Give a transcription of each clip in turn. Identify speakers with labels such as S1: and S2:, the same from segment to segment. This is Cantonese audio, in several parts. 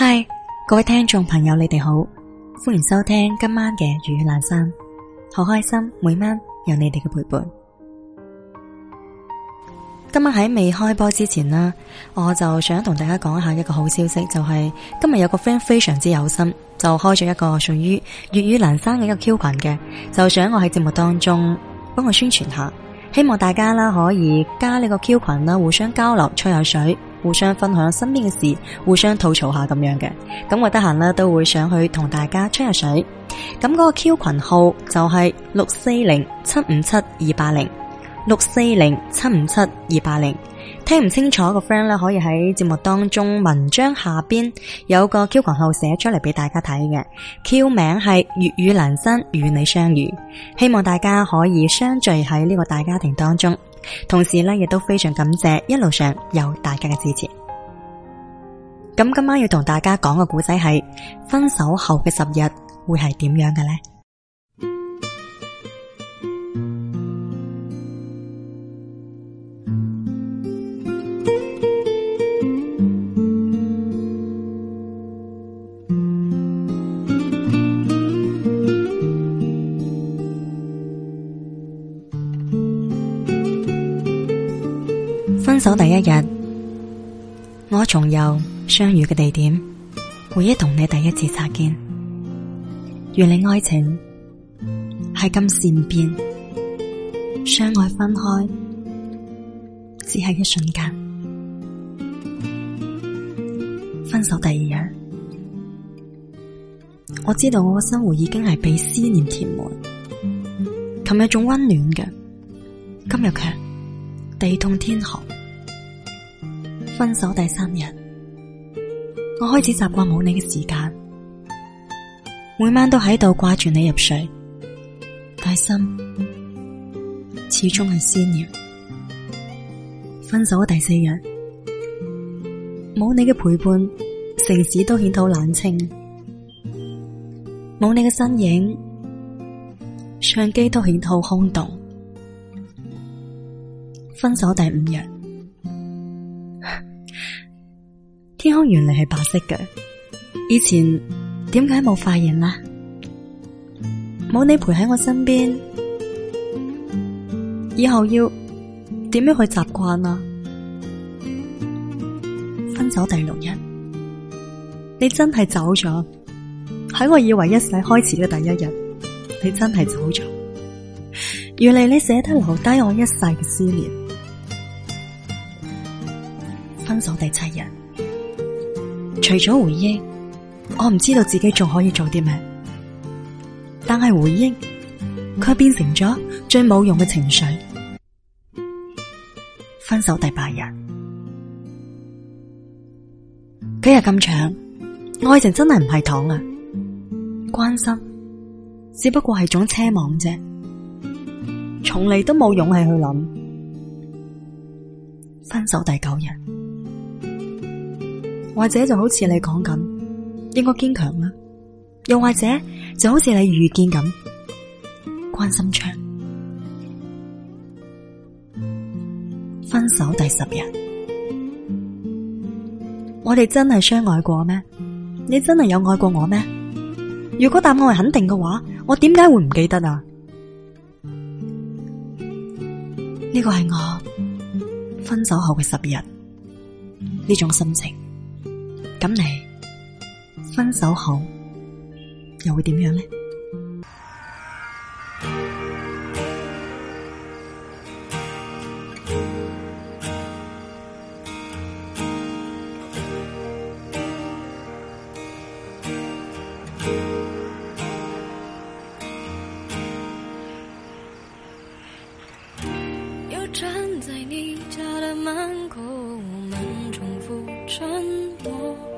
S1: 嗨，Hi, 各位聽眾朋友，你哋好，歡迎收聽今晚嘅粵語闌珊，好開心，每晚有你哋嘅陪伴。今晚喺未開播之前啦，我就想同大家講一下一個好消息，就係、是、今日有個 friend 非常之有心，就開咗一個屬於粵語闌珊嘅一個 Q 群嘅，就想我喺節目當中幫我宣傳下，希望大家啦可以加呢個 Q 群啦，互相交流，吹下水。互相分享身邊嘅事，互相吐槽下咁樣嘅，咁我得閒呢都會上去同大家吹下水。咁、那、嗰個 Q 群號就係六四零七五七二八零六四零七五七二八零，聽唔清楚個 friend 咧，可以喺節目當中文章下邊有個 Q 群號寫出嚟俾大家睇嘅。Q 名係粵語男生與你相遇，希望大家可以相聚喺呢個大家庭當中。同時咧，亦都非常感謝一路上有大家嘅支持。咁今晚要同大家講嘅故仔係分手後嘅十日會係點樣嘅呢？分手第一日，我重遊相遇嘅地點，回憶同你第一次擦肩。原嚟愛情係咁善變，相愛分開只係一瞬間。分手第二日，我知道我嘅生活已經係被思念填滿，琴日仲溫暖嘅，今日卻地痛天寒。分手第三日，我開始習慣冇你嘅時間，每晚都喺度掛住你入睡。但心始終係思念。分手第四日，冇你嘅陪伴，城市都顯得冷清；冇你嘅身影，相機都顯得空洞。分手第五日。天空原來係白色嘅，以前點解冇發現啦？冇你陪喺我身邊，以後要點樣去習慣啊？分手第六日，你真係走咗，喺我以為一世開始嘅第一日，你真係走咗。原來你捨得留低我一世嘅思念。分手第七日。除咗回憶，我唔知道自己仲可以做啲咩。但係回憶，佢變成咗最冇用嘅情緒。分手第八日，幾日咁長，愛情真係唔係糖啊！關心只不過係種奢望啫，從嚟都冇勇氣去諗。分手第九日。或者就好似你講咁，應該堅強啦。又或者就好似你遇見咁，關心窗。分手第十日，我哋真係相愛過咩？你真係有愛過我咩？如果答案係肯定嘅話，我點解會唔記得啊？呢、呢個係我分手後嘅十日，呢種心情。咁你分手後又會點樣呢？
S2: 又站在你家的門口，我們重複沉默。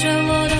S2: 着我的。